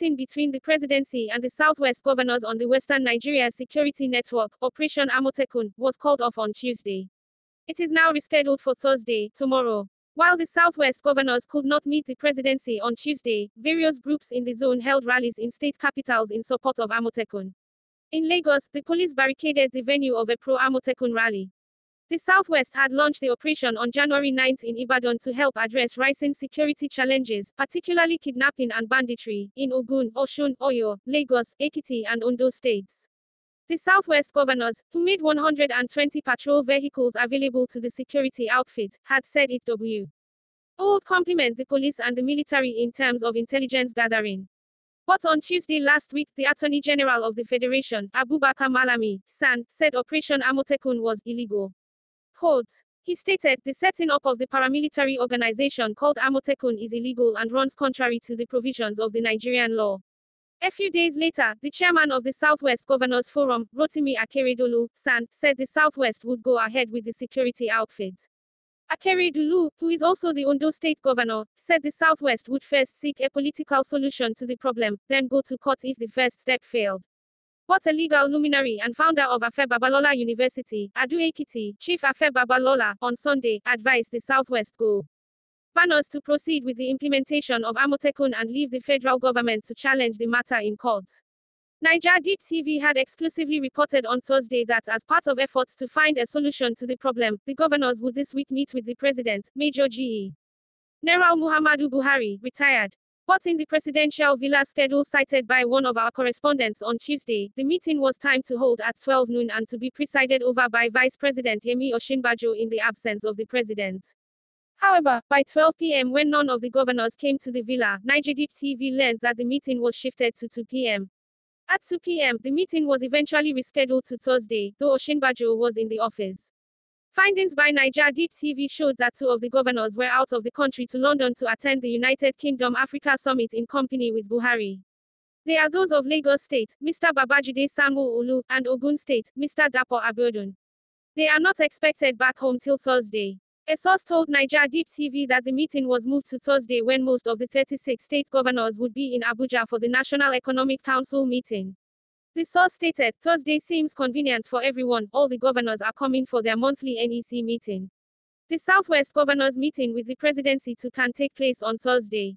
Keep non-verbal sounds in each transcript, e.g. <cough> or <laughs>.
meeting between the presidency and the Southwest governors on the Western Nigeria Security Network, Operation Amotekun, was called off on Tuesday. It is now rescheduled for Thursday, tomorrow. While the Southwest governors could not meet the presidency on Tuesday, various groups in the zone held rallies in state capitals in support of Amotekun. In Lagos, the police barricaded the venue of a pro-Amotekun rally. The Southwest had launched the operation on January 9 in Ibadan to help address rising security challenges, particularly kidnapping and banditry, in Ogun, Osun, Oyo, Lagos, Ekiti, and Ondo states. The Southwest governors, who made 120 patrol vehicles available to the security outfit, had said it w. All compliment the police and the military in terms of intelligence gathering. But on Tuesday last week, the Attorney General of the Federation, Abubakar Malami, San, said Operation Amotekun was illegal. Quote, he stated, the setting up of the paramilitary organization called Amotekun is illegal and runs contrary to the provisions of the Nigerian law. A few days later, the chairman of the Southwest Governors Forum, Rotimi Akeredolu, San, said the Southwest would go ahead with the security outfit. Akeredolu, who is also the Ondo State Governor, said the Southwest would first seek a political solution to the problem, then go to court if the first step failed. What a legal luminary and founder of Afe Babalola University, Adu Ekiti, Chief Afe Babalola, on Sunday, advised the Southwest Go banners to proceed with the implementation of Amotekun and leave the federal government to challenge the matter in court. Niger Deep TV had exclusively reported on Thursday that as part of efforts to find a solution to the problem, the governors would this week meet with the president, Major G.E. Neral Muhammadu Buhari, retired, but in the presidential villa schedule cited by one of our correspondents on Tuesday, the meeting was timed to hold at 12 noon and to be presided over by Vice President Yemi Oshinbajo in the absence of the president. However, by 12 p.m. when none of the governors came to the villa, Deep TV learned that the meeting was shifted to 2 p.m. At 2 p.m., the meeting was eventually rescheduled to Thursday, though Oshinbajo was in the office. Findings by Niger Deep TV showed that two of the governors were out of the country to London to attend the United Kingdom Africa Summit in company with Buhari. They are those of Lagos State, Mr. Babajide Samuel Olu, and Ogun State, Mr. Dapo Abiodun. They are not expected back home till Thursday. A source told Niger Deep TV that the meeting was moved to Thursday when most of the 36 state governors would be in Abuja for the National Economic Council meeting. The source stated, Thursday seems convenient for everyone, all the governors are coming for their monthly NEC meeting. The Southwest Governors meeting with the presidency too can take place on Thursday.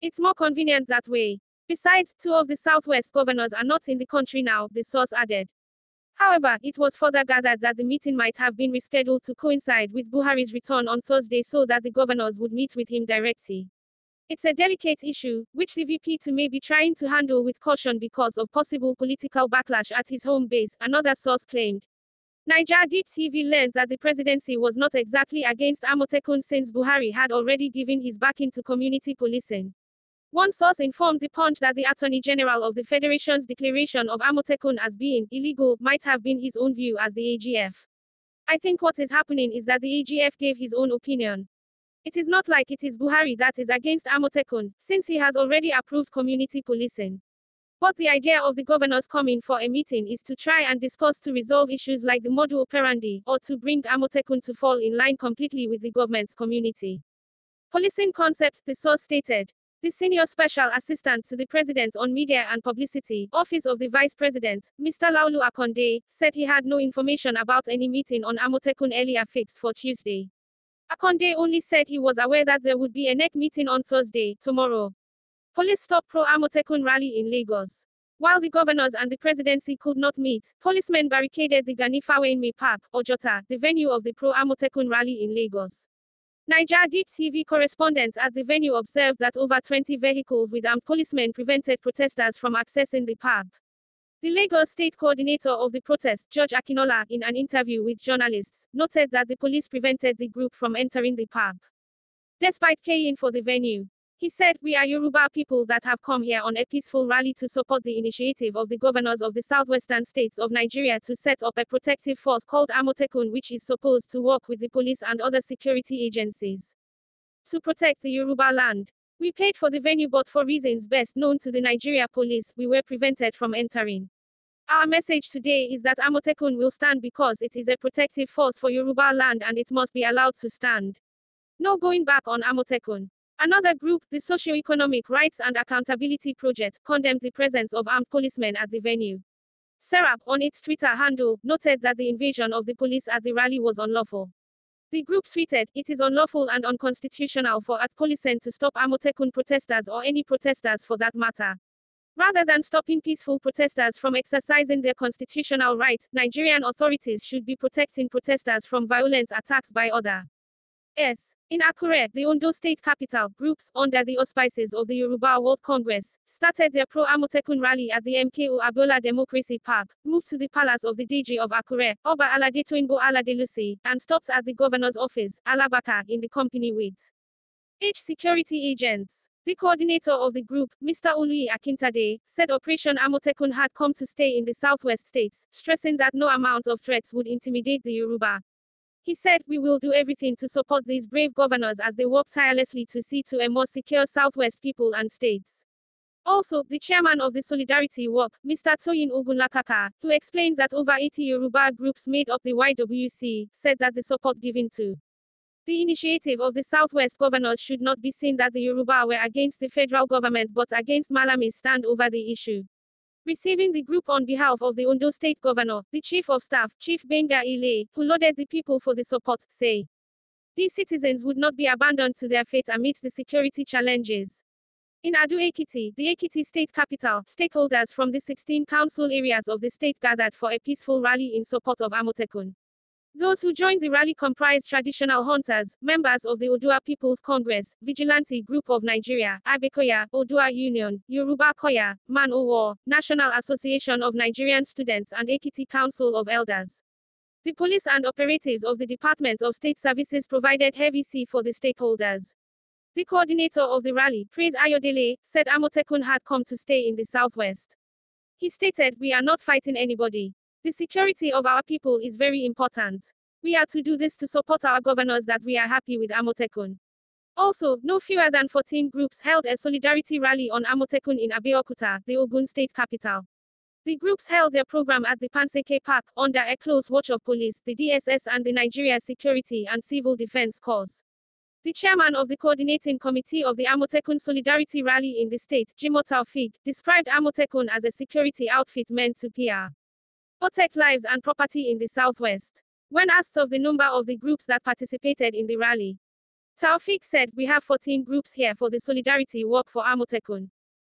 It's more convenient that way. Besides, two of the Southwest governors are not in the country now, the source added. However, it was further gathered that the meeting might have been rescheduled to coincide with Buhari's return on Thursday so that the governors would meet with him directly. It's a delicate issue, which the VP may be trying to handle with caution because of possible political backlash at his home base, another source claimed. Niger Deep TV learned that the presidency was not exactly against Amotekun since Buhari had already given his backing to community policing. One source informed the Punch that the Attorney General of the Federation's declaration of Amotekun as being illegal might have been his own view as the AGF. I think what is happening is that the AGF gave his own opinion. It is not like it is Buhari that is against Amotekun, since he has already approved community policing. But the idea of the governors coming for a meeting is to try and discuss to resolve issues like the modu operandi, or to bring Amotekun to fall in line completely with the government's community. Policing concept, the source stated. The Senior Special Assistant to the President on Media and Publicity, Office of the Vice President, Mr. Laulu Akonde, said he had no information about any meeting on Amotekun earlier fixed for Tuesday. Akonde only said he was aware that there would be a neck meeting on Thursday, tomorrow. Police stop pro-Amotekun rally in Lagos. While the governors and the presidency could not meet, policemen barricaded the Ganifawenme Park, Ojota, the venue of the pro-Amotekun rally in Lagos. Niger Deep TV correspondents at the venue observed that over 20 vehicles with armed policemen prevented protesters from accessing the park. The Lagos state coordinator of the protest, Judge Akinola, in an interview with journalists, noted that the police prevented the group from entering the park. Despite paying for the venue, he said, We are Yoruba people that have come here on a peaceful rally to support the initiative of the governors of the southwestern states of Nigeria to set up a protective force called Amotekun, which is supposed to work with the police and other security agencies to protect the Yoruba land. We paid for the venue, but for reasons best known to the Nigeria police, we were prevented from entering. Our message today is that Amotekun will stand because it is a protective force for Yoruba land and it must be allowed to stand. No going back on Amotekun. Another group, the Socio-Economic Rights and Accountability Project, condemned the presence of armed policemen at the venue. Serap, on its Twitter handle, noted that the invasion of the police at the rally was unlawful. The group tweeted, it is unlawful and unconstitutional for at policemen to stop Amotekun protesters or any protesters for that matter. Rather than stopping peaceful protesters from exercising their constitutional rights, Nigerian authorities should be protecting protesters from violent attacks by other. S. In Akure, the Ondo state capital, groups, under the auspices of the Yoruba World Congress, started their pro-Amotekun rally at the MKU Abola Democracy Park, moved to the palace of the DG of Akure, Oba Aladitoinbo Aladelusi, and stopped at the governor's office, Alabaka, in the company with H. security agents. The coordinator of the group, Mr. Ului Akintade, said Operation Amotekun had come to stay in the southwest states, stressing that no amount of threats would intimidate the Yoruba. He said, We will do everything to support these brave governors as they work tirelessly to see to a more secure southwest people and states. Also, the chairman of the Solidarity Walk, Mr. Toyin Ogunlakaka, who explained that over 80 Yoruba groups made up the YWC, said that the support given to the initiative of the Southwest governors should not be seen that the Yoruba were against the federal government but against Malami's stand over the issue. Receiving the group on behalf of the Ondo State Governor, the Chief of Staff, Chief Benga Ile, who lauded the people for the support, say, these citizens would not be abandoned to their fate amidst the security challenges. In Adu Ekiti, the Ekiti state capital, stakeholders from the 16 council areas of the state gathered for a peaceful rally in support of Amotekun. Those who joined the rally comprised traditional hunters, members of the Odua People's Congress, Vigilante Group of Nigeria, Abekoya, Odua Union, Yoruba Koya, Man O War, National Association of Nigerian Students and Ekiti Council of Elders. The police and operatives of the Department of State Services provided heavy sea for the stakeholders. The coordinator of the rally, Prince Ayodele, said Amotekun had come to stay in the southwest. He stated, We are not fighting anybody. The security of our people is very important. We are to do this to support our governors that we are happy with Amotekun. Also, no fewer than 14 groups held a solidarity rally on Amotekun in Abeokuta, the Ogun state capital. The groups held their program at the Panseke Park, under a close watch of police, the DSS and the Nigeria Security and Civil Defense Corps. The chairman of the coordinating committee of the Amotekun Solidarity Rally in the state, Jimo Taufik, described Amotekun as a security outfit meant to PR. Protect lives and property in the southwest. When asked of the number of the groups that participated in the rally, Taufik said, We have 14 groups here for the solidarity work for Amotekun.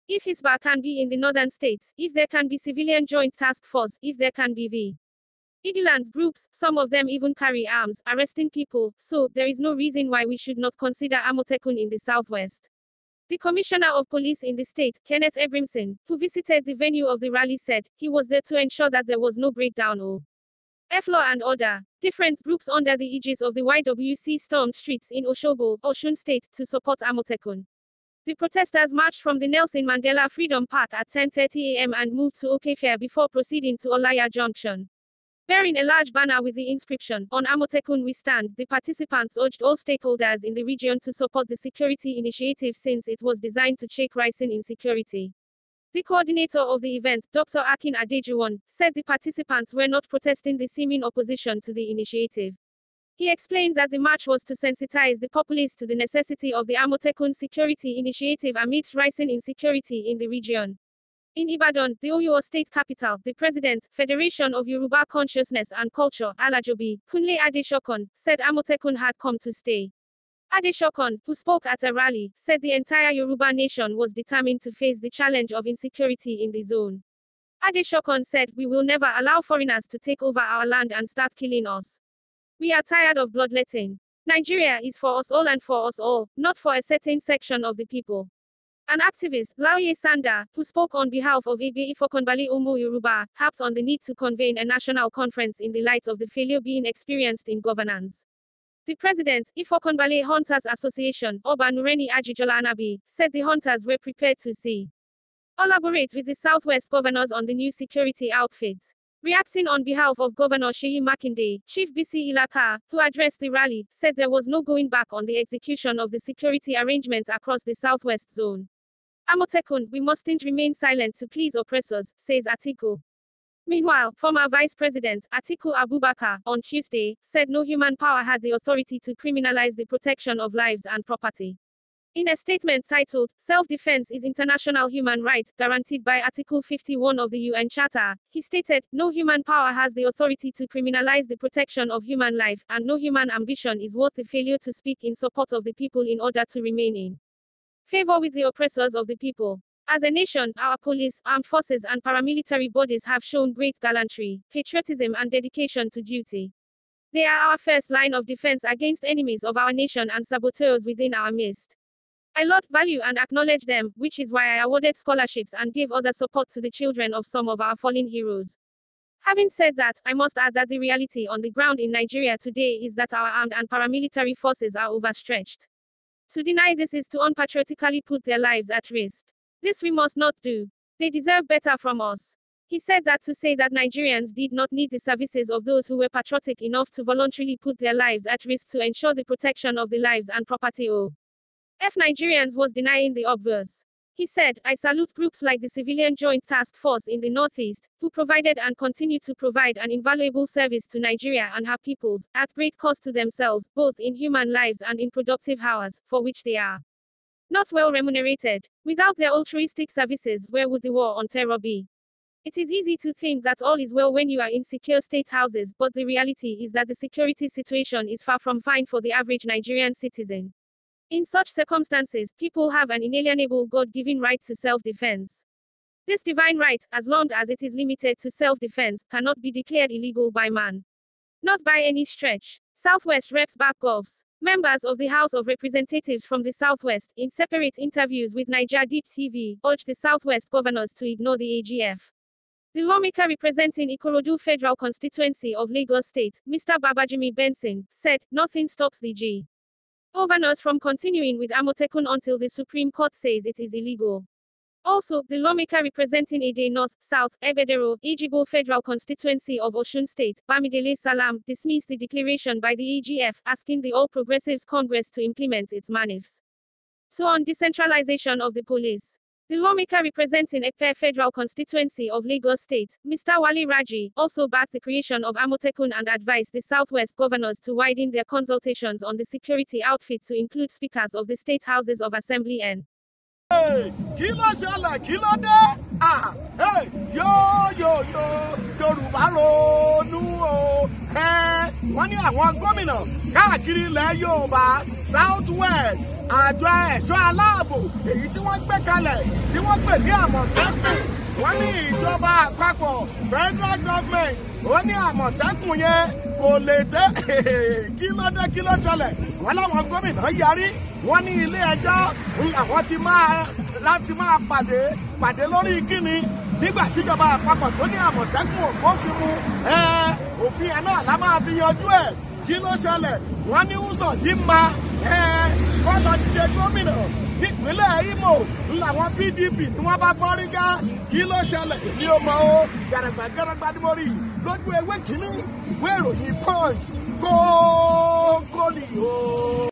If Hisbah can be in the northern states, if there can be civilian joint task force, if there can be the Igiland groups, some of them even carry arms, arresting people, so there is no reason why we should not consider Amotekun in the southwest. The Commissioner of Police in the state, Kenneth Abramson, who visited the venue of the rally said, he was there to ensure that there was no breakdown or F law and order. Different groups under the aegis of the YWC stormed streets in Oshobo, Oshun State, to support Amotekun. The protesters marched from the Nelson Mandela Freedom Park at 10.30 a.m. and moved to Okefia before proceeding to Olaya Junction. Bearing a large banner with the inscription, On Amotekun We Stand, the participants urged all stakeholders in the region to support the security initiative since it was designed to check rising insecurity. The coordinator of the event, Dr. Akin Adejuwon, said the participants were not protesting the seeming opposition to the initiative. He explained that the march was to sensitize the populace to the necessity of the Amotekun security initiative amidst rising insecurity in the region. In Ibadan, the Oyo state capital, the president, Federation of Yoruba Consciousness and Culture, Alajobi, Kunle Adeshokon, said Amotekun had come to stay. Adeshokon, who spoke at a rally, said the entire Yoruba nation was determined to face the challenge of insecurity in the zone. Adeshokon said, We will never allow foreigners to take over our land and start killing us. We are tired of bloodletting. Nigeria is for us all and for us all, not for a certain section of the people. An activist, Laoye Sanda, who spoke on behalf of Ibe Ifokonbali Umu Yoruba, harped on the need to convene a national conference in the light of the failure being experienced in governance. The president, Ifokonbale Hunters Association, Obanureni Ajijolanabi, said the hunters were prepared to see. Collaborate with the Southwest governors on the new security outfit. Reacting on behalf of Governor Sheyi Makinde, Chief BC Ilaka, who addressed the rally, said there was no going back on the execution of the security arrangements across the southwest zone. Amotekun, we mustn't remain silent to please oppressors, says Atiku. Meanwhile, former Vice President Atiku Abubakar, on Tuesday, said no human power had the authority to criminalize the protection of lives and property. In a statement titled, Self-Defense is International Human Right, guaranteed by Article 51 of the UN Charter, he stated, No human power has the authority to criminalize the protection of human life, and no human ambition is worth the failure to speak in support of the people in order to remain in favor with the oppressors of the people. As a nation, our police, armed forces and paramilitary bodies have shown great gallantry, patriotism and dedication to duty. They are our first line of defense against enemies of our nation and saboteurs within our midst. I lot value and acknowledge them, which is why I awarded scholarships and give other support to the children of some of our fallen heroes. Having said that, I must add that the reality on the ground in Nigeria today is that our armed and paramilitary forces are overstretched. To deny this is to unpatriotically put their lives at risk. This we must not do. They deserve better from us. He said that to say that Nigerians did not need the services of those who were patriotic enough to voluntarily put their lives at risk to ensure the protection of the lives and property of F. Nigerians was denying the obvious. He said, I salute groups like the Civilian Joint Task Force in the Northeast, who provided and continue to provide an invaluable service to Nigeria and her peoples, at great cost to themselves, both in human lives and in productive hours, for which they are not well remunerated. Without their altruistic services, where would the war on terror be? It is easy to think that all is well when you are in secure state houses, but the reality is that the security situation is far from fine for the average Nigerian citizen. In such circumstances, people have an inalienable God-given right to self-defense. This divine right, as long as it is limited to self-defense, cannot be declared illegal by man. Not by any stretch. Southwest Reps back Govs. Members of the House of Representatives from the Southwest, in separate interviews with Niger Deep TV, urged the Southwest governors to ignore the AGF. The lawmaker representing Ikorodu Federal Constituency of Lagos State, Mr. Babajimi Benson, said, Nothing stops the G. Orban us from continuing with Amotekun until the Supreme Court says it is illegal. Also, the lawmaker representing Ede North, South, Ebedero, Ejibo Federal Constituency of Osun State, Bamidele Salam, dismissed the declaration by the EGF, asking the All Progressives Congress to implement its manifs. So on decentralization of the police. The lawmaker representing in federal constituency of Lagos State. Mr. Wali Raji also backed the creation of Amotekun and advised the Southwest governors to widen their consultations on the security outfit to include speakers of the state houses of assembly and kí ló ṣẹlẹ̀ kí ló dé yóò yóò yóò yorùbá ronú o wọ́n ní àwọn gómìnà káàkiri ilẹ̀ yorùbá south west àjọ ẹ̀ṣọ́ aláàbò èyí tí wọ́n gbé kalẹ̀ tí wọ́n pè ní àmọ̀tẹ́kùn wọ́n ní ìjọba àpapọ̀ federal government ó ní àmọ̀tẹ́kùn yẹn kò lè dé <laughs> kí ló dé kí ló ṣẹlẹ̀ wọ́n láwọn gómìnà yarí wọ́n ní ilé ẹjọ́ làwọn ti máa láti máa pàdé pàdé lórí kíni nígbà tíjọba àpapọ̀ tó ní àmọ̀tẹ́kùn òfin mu òfin ẹ̀ náà la máa fi yanjú ẹ̀ kí ló ṣẹlẹ̀ wọ́n ní ùsọ̀ yìí máa wọ́n lọ ṣe gómìnà nípínlẹ̀ Imo làwọn PDP ni wọ́n bá fọ́rí gá kí ló ṣẹlẹ̀ ní ọmọ o gàràgbà gàràgbà ni mo rí lójú ewé kínní ìwé ìròyìn Punch kókó nìyó.